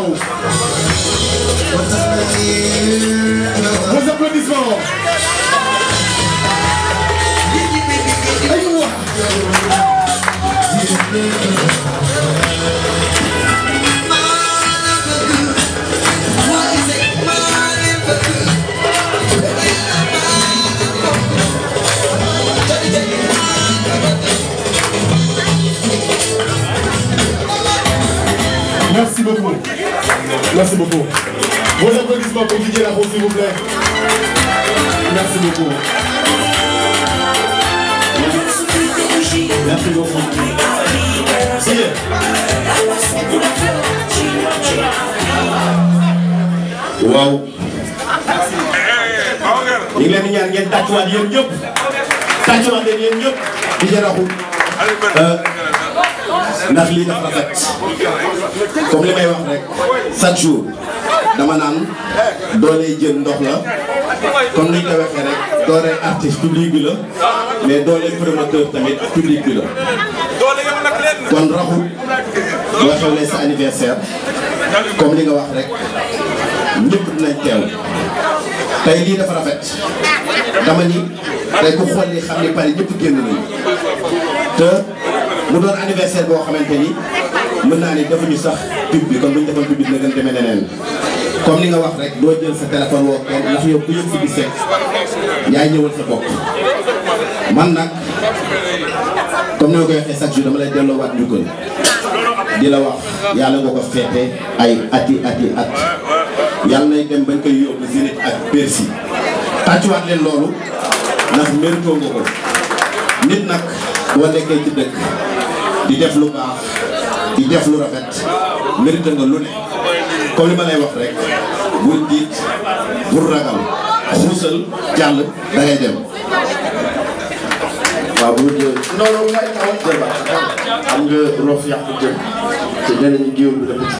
Vos applaudissements Merci beaucoup. Merci beaucoup. Vos applaudissements pour Didier s'il vous plaît. Merci beaucoup. Merci beaucoup. Wow. Merci Merci Il Merci Merci tatoué Merci Merci Euh, ndax lii dafa rafet comme li may wax rek chaque jour dama naan dooley jën ndox la comme niñ ko waxee rek dooley artiste public bi la mais dooley promoteur tamit bi la kon raxu nga xewle sa anniversaire comme li nga wax rek ñëpp dinañ teew tey lii dafa rafet dama ni tey ku xool li xam ni Paris ñëpp génn nañu te mu doon anniversaire boo xamante ni mën naa ne defuñu sax pub bi kon buñ defoon pub bi dina gën demee neneen comme li nga wax rek doo jël sa téléphone woo kenn ndax yow ku si bi sekk ñëwal sa bopp man nag comme koy waxee chaque jour dama lay delloo waat njukkal di la wax yàlla nga ko feete ay ati ati at yàlla nay dem bañ koy yóbbu Zénith ak Bercy tàccuwaat leen loolu ndax mérito nga ko nit nag boo nekkee ci dëkk di def lu baax di def lu rafet mérite nga lu ne comme li ma wax rek bul diit bul ragal xuusal jàll da ngay dem waaw bu ñu noonu nga am nga roof yàqu jëm te ñeneen ñi géewul bi dafa